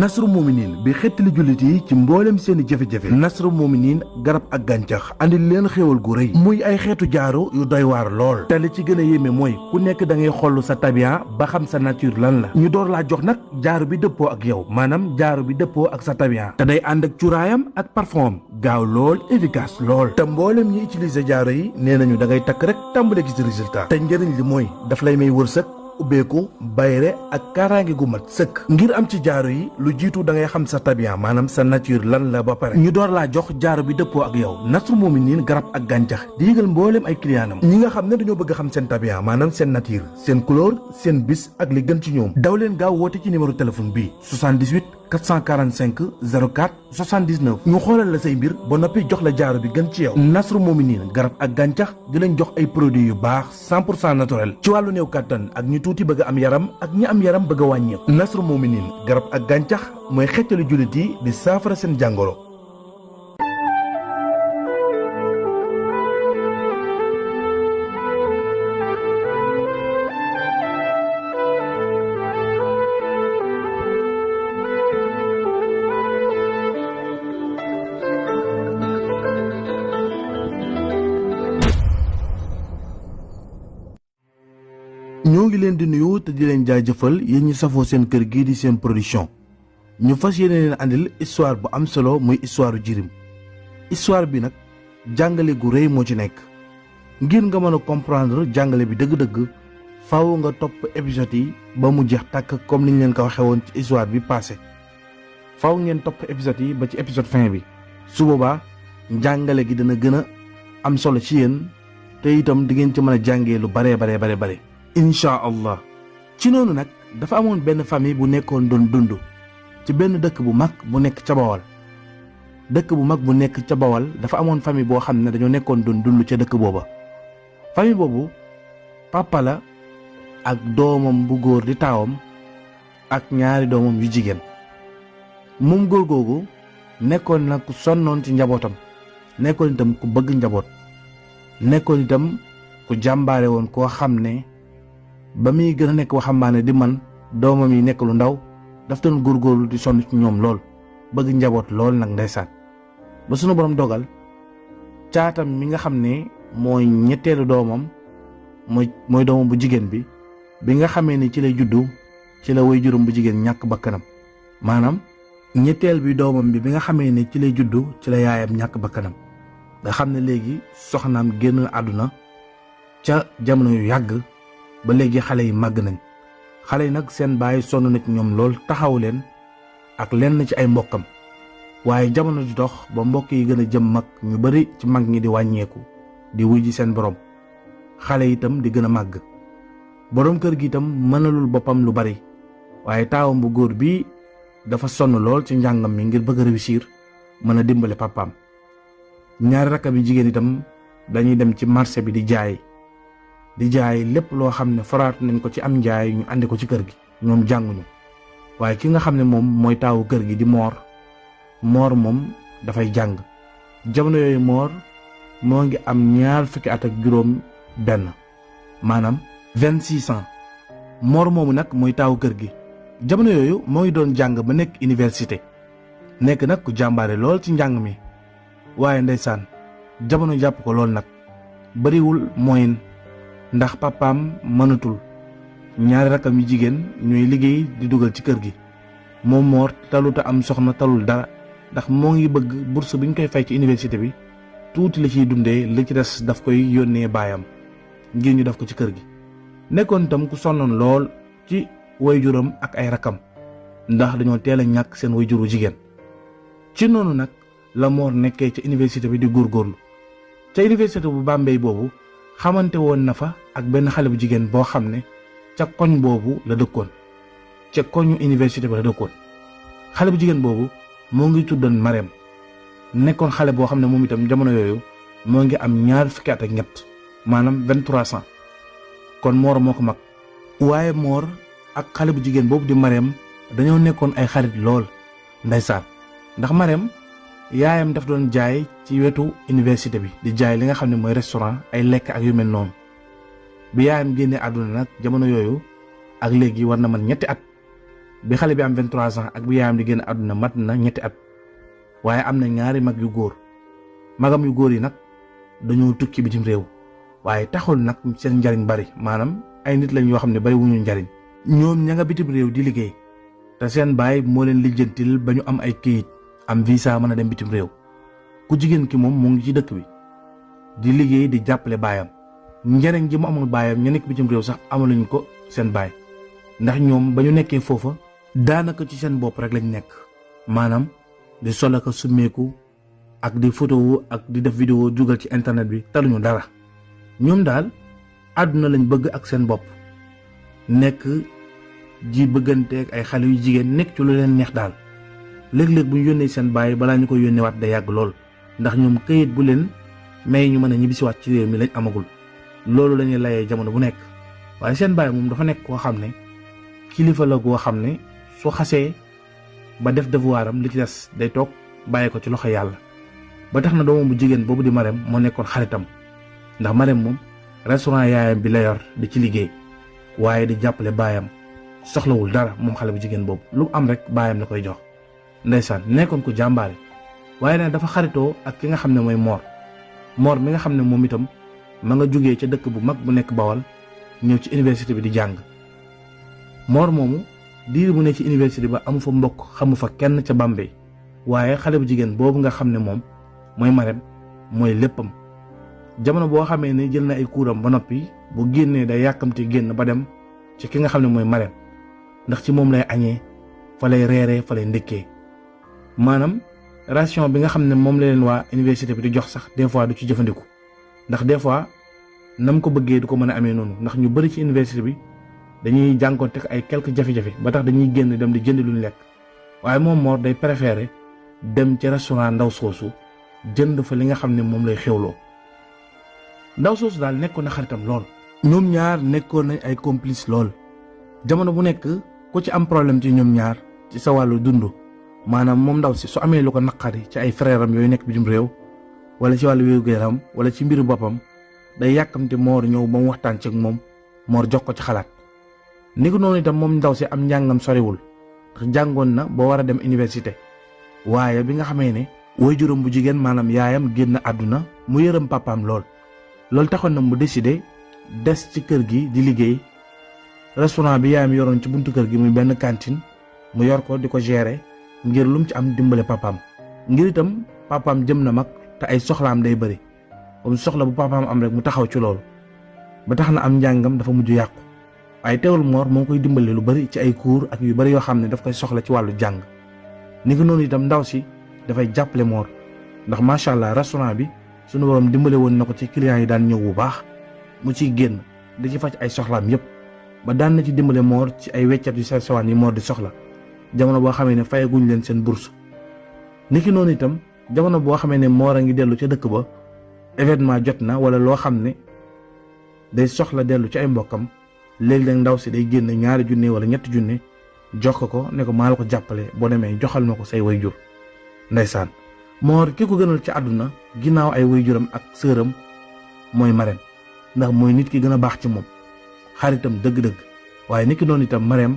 nasru muminin bi xettali jullit yi ci mboolem seeni jafe-jafe nasru muminin garab ak gàncax andi leen xéewal gu rëy muy ay xeetu jaaro yu doy waar lool te li ci gën a yéeme mooy ku nekk da ngay xoll sa tabia ba xam sa nature lan la ñu door laa jox nag jaaro bi dëppoo ak yow maanaam jaaro bi dëppoo ak sa tabian te day ànd ak cuuraayam ak parfum gaaw lool efficace lool te mboolem ñi utiliser jaaro yi nee nañu da ngay takk rek tàmbale gis résultat te njëriñ li mooy ubbeeku bayre ak kaaraange gu mat sëkk ngir am ci jaaro yi lu jiitu da ngay xam sa tabia maanaam sa nature lan la ba pare ñu door laa jox jaaro bi dëppoo ak yow moom Nasru Mominin garab ak gàncax di yëgal mbooleem ay clientam ñi nga xam ne dañoo bëgg xam seen tabia maanaam seen nature seen couleur seen bis ak li gën ci ñoom daw leen gaaw woote ci numéro téléphone bi 445 04 79 ñu xoolal la say mbir ba noppi jox la jaaro bi gën ci yow Nasru Mominin garab ak gàncax di leen jox ay produit yu baax 100% naturel ci wàllu new kàttan ak ñu tuuti bëgg am yaram ak ñi am yaram bëgg a wàññeeku Nasru Mominin garab ak gàncax mooy xettali jullit yi di saafara seen jàngoro. di nuyu te di len jaajëfal yeen ñi safo seen kër gi di seen production ñu fas len andil histoire bu am solo muy histoire jirim histoire bi nak jangale gu reey mo ci nek ngir nga mëna comprendre jangale bi deug deug faaw nga top episode yi ba mu jeex tak comme niñ len ko waxe won ci histoire bi passé faaw ngeen top episode yi ba ci episode fin bi su boba jangale gi dana gëna am solo ci yeen te itam di ngeen ci mëna jangé lu bare bare bare bare incha allah ci noonu nag dafa amoon benn famille bu nekkoon doon dund ci benn dëkk bu mag bu nekk ca bawal dëkk bu mag bu nekk ca bawal dafa amoon famille boo xam ne dañoo nekkoon doon dund ca dëkk booba famille boobu papa ak doomam bu góor di taawam ak ñaari doomam yu jigéen moom góor googu nekkoon na ku sonnoon ci njabootam nekkoon itam ku bëgg njaboot nekkoon itam ku jàmbaare woon koo xam ne ba muy gën a nekk waxambaane di man doomam yi nekk lu ndaw daf doon góorgóorlu di sonn ci ñoom lool bëgg njaboot lool nag ndeysaan ba sunu borom dogal caatam mi nga xam ne mooy ñetteelu doomam mooy mooy doomam bu jigéen bi bi nga xamee ni ci lay juddu ci la way juróom bu jigéen ñàkk bakkanam maanaam ñetteel bi doomam bi bi nga xamee ne ci lay juddu ci la yaayam ñàkk bakkanam nga xam ne léegi soxnaam génn àdduna ca jamono yu yàgg ba léegi xale yi màgg nañ xale yi nag seen baay sonn na ñoom lool taxawu leen ak lenn ci ay mbokkam waaye jamono di dox ba mbokk yi gën a jëm mag ñu bari ci mag ñi di wàññeeku di wuy ji seen borom xale itam di gën a màgg borom kër gi itam mënalul boppam lu bari waaye taawam bu góor bii dafa sonn lool ci njàngam mi ngir bëgg a réussir mën a dimbale papaam ñaari rakab yi jigéen itam dañuy dem ci marché bi di jaay di jaay lépp loo xam ne faraatu nañ ko ci am njaay ñu andi ko ci kër gi ñoom jànguñu waaye ki nga xam ne moom mooy taawu kër gi di moor moor moom dafay jàng jamono yooyu moor moo ngi am ñaar fukki at juróom benn maanaam vingt-six ans moor moomu nag mooy taawu kër gi jamono yooyu moo ngi doon jàng ba nekk université nekk nag ku jàmbaare lool ci njàng mi waaye ndeysaan jamono jàpp ko lool nag bariwul moyen ndax papam manutul ñaari rakam yu jigen ñoy liggey di duggal ci kër gi moom moor taluta am soxna talul dara ndax mo ngi bëgg bourse biñ koy fay ci université bi tout li ci dundé li ci dess daf koy yonné bayam ngir ñu daf ko ci kër gi nekkon tam ku sonnon lool ci wayjuram ak ay rakam ndax dañu téla ñak seen wayjuru lamor ci nonu nak la mort nekké ci université bi di góorgóorlu ci université bu bàmbey bobu xamante woon na fa ak benn xale bu jigéen boo xam ne ca koñ boobu la dëkkoon ca koñu université ba la dëkkoon xale bu jigéen boobu moo ngi tuddoon Marème nekkoon xale boo xam ne moom itam jamono yooyu moo ngi am ñaar fukki ak ñett maanaam vingt trois ans kon Mor moo ko mag waaye moor ak xale bu jigéen boobu di Marème dañoo nekkoon ay xarit lool ndeysaan ndax Marème yaayam daf doon jaay ci wetu université bi di jaay li nga xam ne mooy restaurant ay lekk ak yu mel noonu bi yaayam génne àdduna nag jamono yooyu ak léegi war na man ñetti at bi xale bi am vingt trois ak bi di génn àdduna mat na ñetti at waaye am na ñaari mag yu góor magam yu góor yi nag dañoo tukki bitim réew waaye taxul nag seen njariñ bari maanaam ay nit lañ yoo xam ne bari njariñ ñoom ña nga bitim réew di liggéey te seen baay moo leen lijjantil ba ñu am ay kayit am visa mën dem bitim réew ku jigen ki mom mo ngi ci dëkk bi di liggéey di jàppale baayam njariñ ji mu amul baayam ñu nekk bitim réew sax amaluñ ko seen baay ndax ñoom ba ñu nekkee foofa daanaka ci seen bopp rek lañ nekk maanaam di solaka summeeku ak di photo ak di def video jugal ci internet bi taluñu dara ñoom daal àdduna lañ bëgg ak seen bopp nekk ji bëgganteeg ay xale yu jigéen nekk ci lu leen neex daal léeg-léeg bu ñu yónnee seen bàyyi balaa ñu ko yónneewaat day yàgg lool ndax ñoom kayit bu leen may ñu mën a ñibbisiwaat ci réew mi lañ amagul loolu lañuy layee jamono bu nekk waaye seen bàyyi moom dafa nekk koo xam ne kilifa la goo xam ne su xasee ba def devoiram li ci des day toog bàyyi ko ci loxo yàlla ba tax na doomam bu jigéen boobu di Marème moo nekkoon xaritam ndax Marème moom restaurant yaayam bi la yor di ci liggéey waaye di jàppale baayam soxlawul dara moom xale bu jigéen boobu lu am rek baayam la koy jox ndeysaan nekkoon ku jàmbaare waaye nag dafa xaritoo ak ki nga xam ne mooy moor moor mi nga xam ne moom itam ma nga ca dëkk bu mag bu nekk bawal ñëw ci université bi di jàng moor moomu diir mu ne ci université ba amu fa mbokk xamu fa kenn ca bambe waaye xale bu jigéen boobu nga xam ne moom mooy marem mooy léppam jamono boo xamee ne jël na ay kuuram ba noppi bu génnee day yàkkamte génn ba dem ci ki nga xam ne mooy marem ndax ci moom lay añee fa lay reeree fa lay ndékkee manam ration bi nga xamne mom la len wa université bi di jox sax des fois du ci jëfëndiku ndax des fois nam ko bëggee du ko mëna amé nonu ndax ñu bëri ci université bi dañuy jànkoonte ay quelques jafe-jafe ba tax dañuy genn dem di jënd luñu lekk waye mom Mor day préférer dem ci restaurant ndaw soosu jënd fa li nga xamne mom lay xewlo ndaw soosu dal nekkon na xaritam lool. ñom ñaar nekkon nañ ay complice lool jamono bu nekk ku ci am problème ci ñom ñaar ci sa walu dundu manam mom ndaw si su amee lu ko nakari ci ay fréram yoy nek nekk rew wala ci walu wéw yaram wala ci mbiru bopam day yakamti mor ñëw ba mu waxtaan ci mom mor jox ko ci xalaat ni ko itam moom ndaw si am sori wul tax jangon na bo wara dem université waye bi nga xamé né woy juróom bu jigen manam yaayam genn aduna mu yërëm papam lol lol taxon na mu décider dess ci kër gi di liggéey restaurant bi yaayam yoron ci buntu kër gi muy ben cantine mu yor ko di gérer ngir lum ci am dimbale papam ngir itam papam jëm na mak te ay soxlam day bari um soxla bu papam am rek mu taxaw ci lool ba tax am janggam, dafa muju yaq ay teewul mor mo koy dimbale lu bari ci ay cour ak yu bari yo xamné daf koy soxla ci walu jang ni ko non itam ndaw si fay jàppale mor ndax sha allah restaurant bi sunu borom dimbale won nako ci client yi daan ñëw bu baax mu ci genn da ci faj ay soxlam yépp ba daan na ci dimbale mor ci ay wéccat yu sa sewaan yi di soxla jamono boo xamee ne fayaguñ leen seen bourse niki noonu itam jamono boo xamee ne moor a ngi dellu ca dëkk ba événement jot na wala loo xam ne day soxla dellu ci ay mbokkam léegi nag ndaw si day génn ñaari junne wala ñetti junne jox ko ko ne ko maa la ko jàppale boo demee joxal ma ko say way wayjur ndeysaan moor ki ko gënal ci àdduna ginnaaw ay juram ak sëram mooy mareem ndax mooy nit ki gën a baax ci moom xaritam dëgg-dëgg waaye niki noonu itam mareem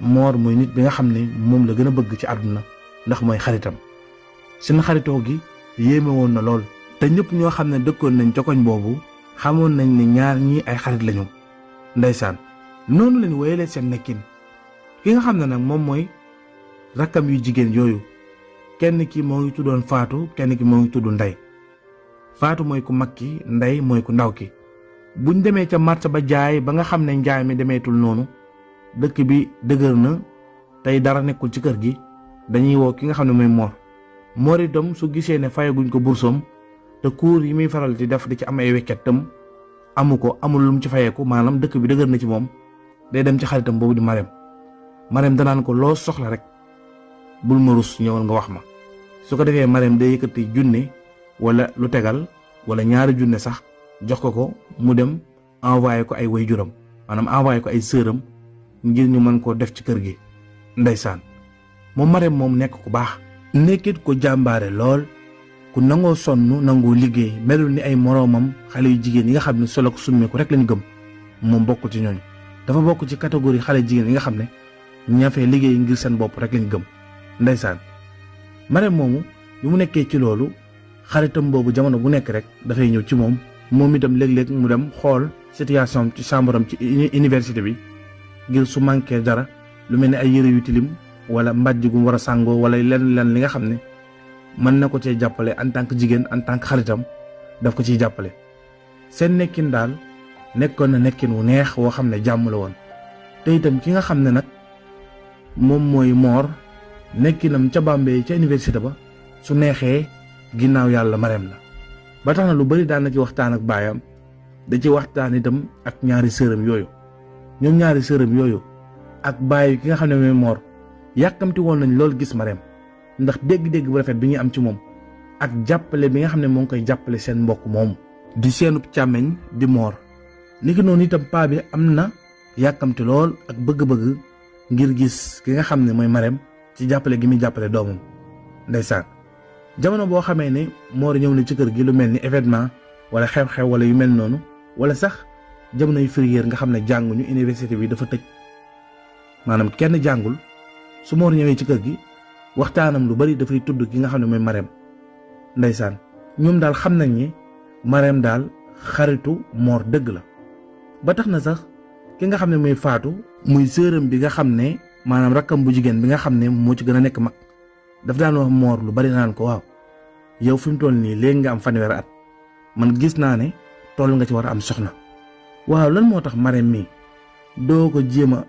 moor mooy nit bi nga xam ne moom la gën a bëgg ci àdduna ndax mooy xaritam seen xaritoo gi yéeme woon na lool te ñëpp ñoo xam ne dëkkoon nañ ca boobu xamoon nañ ne ñaar ñii ay xarit lañu ndeysaan noonu leen wéyalee seen nekkin ki nga xam ne nag moom mooy rakkam yu jigéen yooyu kenn ki moo ngi tuddoon faatu kenn ki moo ngi tudd ndey faatu mooy ku mag ki ndey mooy ku ndaw ki buñ demee ca marché ba jaay ba nga xam ne njaay mi demeetul noonu dëkk bi dëgër na tey dara nekkul ci kër gi dañuy woo ki nga xam ne mooy moor moor itam su gisee ne fayaguñ ko bursoom te kuur yi muy faral di def di ci am ay weccettam amu ko amul lu mu ci fayeeku maanaam dëkk bi dëgër na ci moom day dem ci xaritam boobu di marem marem danaan ko loo soxla rek bul ma rus ñëwal nga wax ma su ko defee marem day yëkkati junne wala lu tegal wala ñaari junne sax jox ko ko mu dem envoyé ko ay way juram maanaam envoyé ko ay sëram ngir ñu mën koo def ci kër gi ndeysaan moom Marème moom nekk ku baax nekkit ko jàmbaare lool ku nangoo sonn nangoo liggéey melul ni ay moroomam xale yu jigéen yi nga xam ne solo ko summeeku rek lañu gëm moom bokk ci ñooñu dafa bokk ci catégorie xale jigéen yi nga xam ne ñafee liggéey ngir seen bopp rek lañu gëm ndeysaan Marème moomu bi mu nekkee ci loolu xaritam boobu jamono bu nekk rek dafay ñëw ci moom moom itam léeg-léeg mu dem xool situation ci chambre ci université bi ngir su manqué dara lu mel ni ay yëre yu tilim wala mbàjj gu war a sàngoo wala lenn lenn li nga xam ne mën na ko cee jàppale en tant que jigéen en tant que xaritam daf ko ciy jàppale seen nekkin daal nekkoon na nekkin wu neex woo xam ne jàmm la woon te itam ki nga xam ne nag moom mooy moor nekkinam ca Bambey ca université ba su neexee ginnaaw yàlla mareem la ba tax na lu bari daan na ci waxtaan ak baayam da ci waxtaan itam ak ñaari sëram yooyu ñoom ñaari sërëm yooyu ak bàyyi ki nga xam ne mooy moor yàkkamti woon nañ loolu gis Marème ndax dégg-dégg bu rafet bi ñuy am ci moom ak jàppale bi nga xam ne moo ngi koy jàppale seen mbokk moom di seenub càmmeñ di moor ni ki noonu itam paa bi am na yàkkamti lool ak bëgg-bëgg ngir gis ki nga xam ne mooy Marème ci jàppale gi muy jàppale doomam ndeysaan jamono boo xamee ne moor ñëw na ci kër gi lu mel ni événement wala xew-xew wala yu mel noonu wala sax jamonoy fourrière nga xam ne jànguñu université bi dafa tëj maanaam kenn jàngul su moor ñëwee ci kër gi waxtaanam lu bari dafay tudd ki nga xam ne mooy mareem ndeysaan ñoom daal xam nañ ni mareem daal xaritu moor dëgg la ba tax na sax ki nga xam ne mooy faatu muy sëram bi nga xam ne maanaam rakkam bu jigéen bi nga xam ne moo ci gën a nekk mag daf daan wax moor lu bari naan ko waaw yow fi mu toll nii léegi nga am fanweeri at man gis naa ne toll nga ci war a am soxna waaw lan moo tax mi doo ko jéem a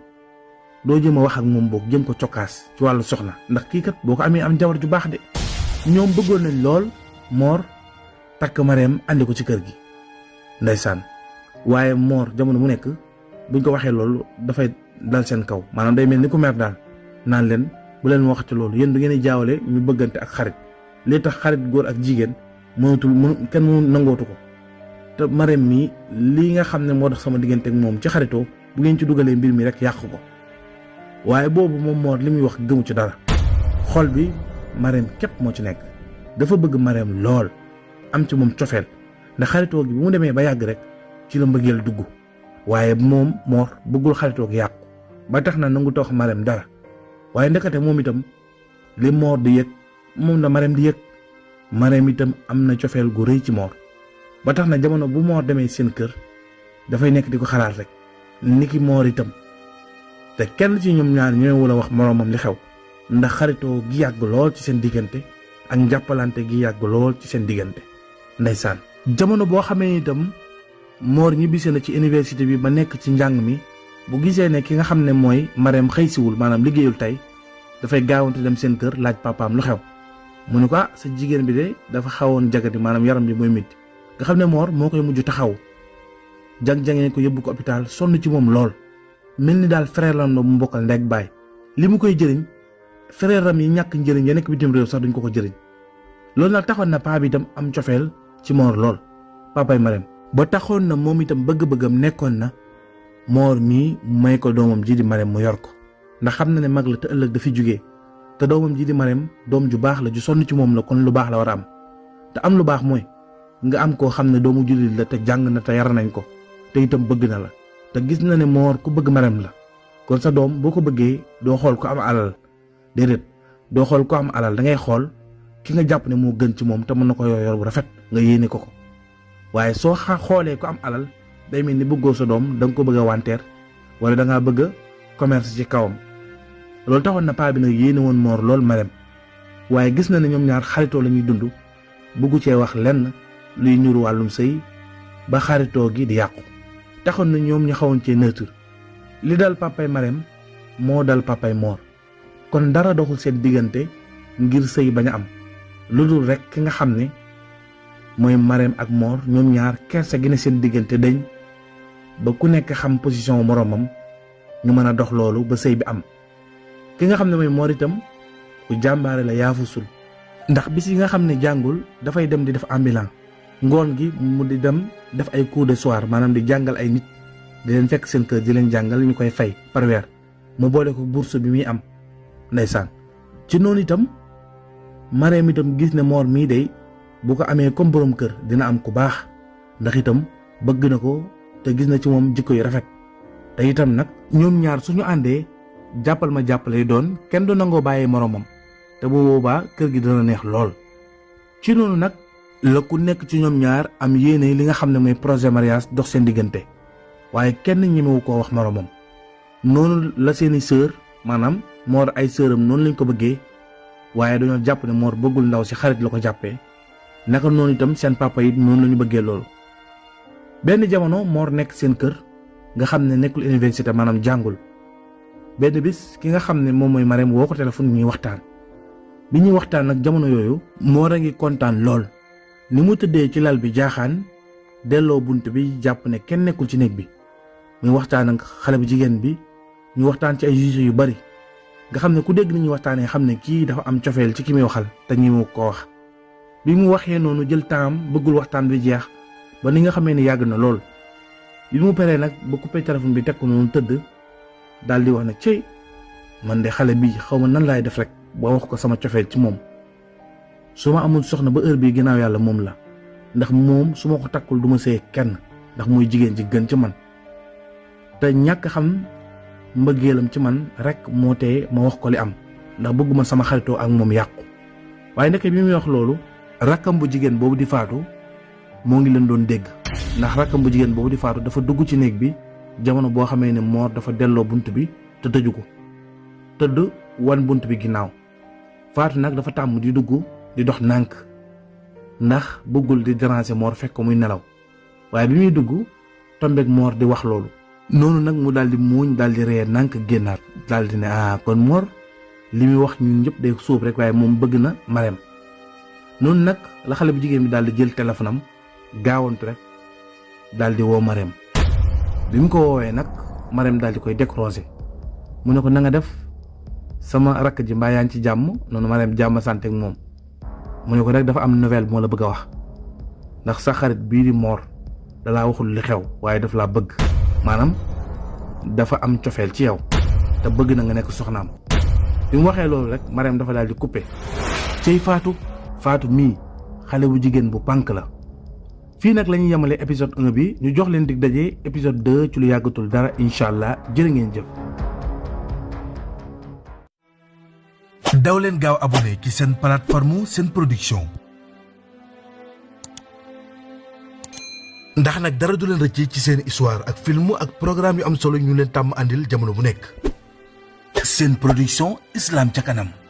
doo jéem a wax ak moom boog jëm ko cokkaas ci wàllu soxna ndax kii kat boo ko am jabar ju baax de ñoom bëggoon nañ lool moor takk Marème andi ko ci kër gi ndeysaan waaye moor jamono mu nekk buñ ko waxee loolu dafay dal seen kaw maanaam day mel ni ku mer daal naan leen bu leen ma waxati loolu yéen du ngeen jaawale ñu bëggante ak xarit li tax xarit góor ak jigéen mënatul mënu kenn mënu nangootu ko te marem mi li nga xamne ne dox sama digeentek mom moom ci xarito bu ngeen ci dugalee mbir mi rek yàqu ko waye bobu moom mo limi wax gëmu ci dara xol bi marem kep mo ci nek dafa bëgg marem lol am ci mom ciofel ndax xarito gi bu mu demee ba yag rek ci la mbëggeel duggu waye moom moor bëggul xarito gi yàqu ba tax na nangu toox marem dara waye ndekate moom itam li moor di yek moom na marem di yek marem itam am na gu reey ci mort ba tax na jamono bu moor demee seen kër dafay nekk di ko xalaat rek ni ki moor itam te kenn ci ñoom ñaar ñëwul a wax moroomam li xew ndax xaritoo gi yàgg lool ci seen diggante ak njàppalante gi yàgg lool ci seen diggante ndeysaan jamono boo xamee ni itam moor ñibbisi na ci université bi ba nekk ci njàng mi bu gisee ne ki nga xam ne mooy mareem xëy siwul maanaam liggéeyul tey dafay gaawante dem seen kër laaj papaam lu xew mu ne ko ah sa jigéen bi de dafa xawoon jagati maanaam yaram bi mooy mitti nga xam ne moor moo koy mujj taxaw jag-jagee ko yóbbu ko hôpital sonn ci moom lool mel ni daal frère am la mu bokkal ndeg baay li mu koy jëriñ frère am yi ñàkk njëriñ ya nekk bitim réew sax duñ ko ko jëriñ loolu nag taxoon na paa bi itam am cofeel ci moor lool papay Marème ba taxoon na moom itam bëgg-bëggam nekkoon na moor mii may ko doomam ji di Marème mu yor ko ndax xam na ne mag la te ëllëg dafi jóge te doomam ji di Marème doom ju baax la ju sonn ci moom la kon lu baax la war a am te am lu baax mooy nga am ko xamne ne doomu julit la te jang na te yar nañ ko te itam bëgg na la te gis na ne moor ku bëgg maram la kon sa doom boo ko bëggee ko am alal dedet dohol xol ko am alal da ngay xol ki nga japp ne mo gën ci mom te mën na ko yor bu rafet nga yéene ko ko so xolé ko am alal day melni bu go sa doom da nga ko bëgg wanter wala da nga bëgg commerce ci kawam lol taxon na pa bi nak yéene won mor lol marem waye gis na ne ñom ñaar xaritoo lañuy dundu, bëggu wax lenn luy niru wàllum sëy ba xaritoo gi di yàqu taxoon na ñoom ñu xawoon cee nëtër li dal papay Marème moo dal papay Mor kon dara doxul seen diggante ngir sëy bañ a am lu dul rek ki nga xam ne mooy Marème ak Mor ñoom ñaar kersa gi ne seen diggante dañ ba ku nekk xam position moroomam ñu mën a dox loolu ba sëy bi am ki nga xam ne mooy Mor itam ku jàmbaare la yaafusul ndax bis yi nga xam ne jàngul dafay dem di def ambulant ngon gi mu di dem def ay cours de soir manam di jangal ay nit di len fekk sen keur di len jangal ni koy fay par wer mu bolé ko bourse bi mi am ndaysan ci non itam mi tam gis ne moor mi day bu ko amé comme borom keur dina am ku bax ndax itam bëgg na ko te gis na ci mom jikko yu rafet te itam nak ñoom ñaar suñu andé jappal ma jappalé doon kenn do nango bayé moromam te bu boba keur gi dana neex lool ci nonu nak la ku nekk ci ñoom ñaar am yéene li nga xam ne mooy projet mariage dox seen diggante waaye kenn ñemewu koo wax moromam noonu la seeni sœur maanaam moor ay sœuram noonu lañ ko bëggee waaye dañoo jàpp ne moor bëggul ndaw si xarit la ko jàppee naka noonu itam seen papa yi noonu lañu bëggee loolu benn jamono moor nekk seen kër nga xam ne nekkul université maanaam jàngul benn bis ki nga xam ne moom mooy mareem woo ko téléphone ñuy waxtaan bi ñuy waxtaan nag jamono yooyu moor a ngi kontaan lool ni mu tëddee ci lal bi jaaxaan delloo bunt bi jàpp ne kenn nekkul ci néeg bi muy waxtaan ak xale bi jigéen bi ñu waxtaan ci ay sujet yu bari nga xam ne ku dégg ni ñuy waxtaanee xam ne kii dafa am cofeel ci ki muy waxal te ñu mu ko wax bi mu waxee noonu jël temps bëggul waxtaan bi jeex ba ni nga xamee ni yàgg na lool bi mu peree nag ba coupé téléphone bi teg noonu tëdd daal di wax na cey man de xale bi xaw nan laay def rek ba wax ko sama cofeel ci moom suma amul soxna ba heure bi ginaaw yalla mom la ndax mom suma ko takul duma sey kenn ndax moy jigen ci gën ci man te ñak xam mbeugelam ci man rek mote tee ma wax ko li am ndax bëgguma sama xaritoo ak mom yaq waye ndeke bi muy wax lolu rakam bu jigen bobu di faatu mo ngi leen doon deg ndax rakam bu jigen bobu di faatu dafa dugg ci neeg bi jamono bo xamé ne mort dafa dello buntu bi te tëju ko tëdd wan buntu bi ginaaw faatu nak dafa tam di duggu di dox nank ndax bugul di déranger mor fekk muy nelaw waye bi muy dugg ak mor di wax lolu nonu nang mu daldi di daldi daal di gennat daldi ne ah kon mor li wax ñun ñep day suub rek waye mom bëgg na marem nonu nang la xale bu jigeen bi daldi di jël téléphone am rek daldi di marem bim ko wowe nak marem daldi di koy décroiser mu ne ko na nga def sama rak ji mbaa yaa ci jàmm noonu marem jàmm sante ak moom mu ne ko rek dafa am nouvelle bu ma la bëgg a wax ndax sa xarit bii di moor dalaa waxul li xew waaye daf laa bëgg maanaam dafa am cofeel ci yow te bëgg na nga nekk soxnaam bi mu waxee loolu rek Marème dafa daal di coupé cey faatu faatu mii xale bu jigéen bu pànk la fii nag la ñuy yemale épisode 1 bi ñu jox leen dig daje épisode 2 ci lu yàggatul dara incha allah jërë ngeen jëf daw leen gaaw abonné ci seen plateforme seen production ndax nag dara du leen rëcc ci seen histoire ak film ak programme yu am solo ñu leen tàmm àndil jamono bu nekk seen production islam ca kanam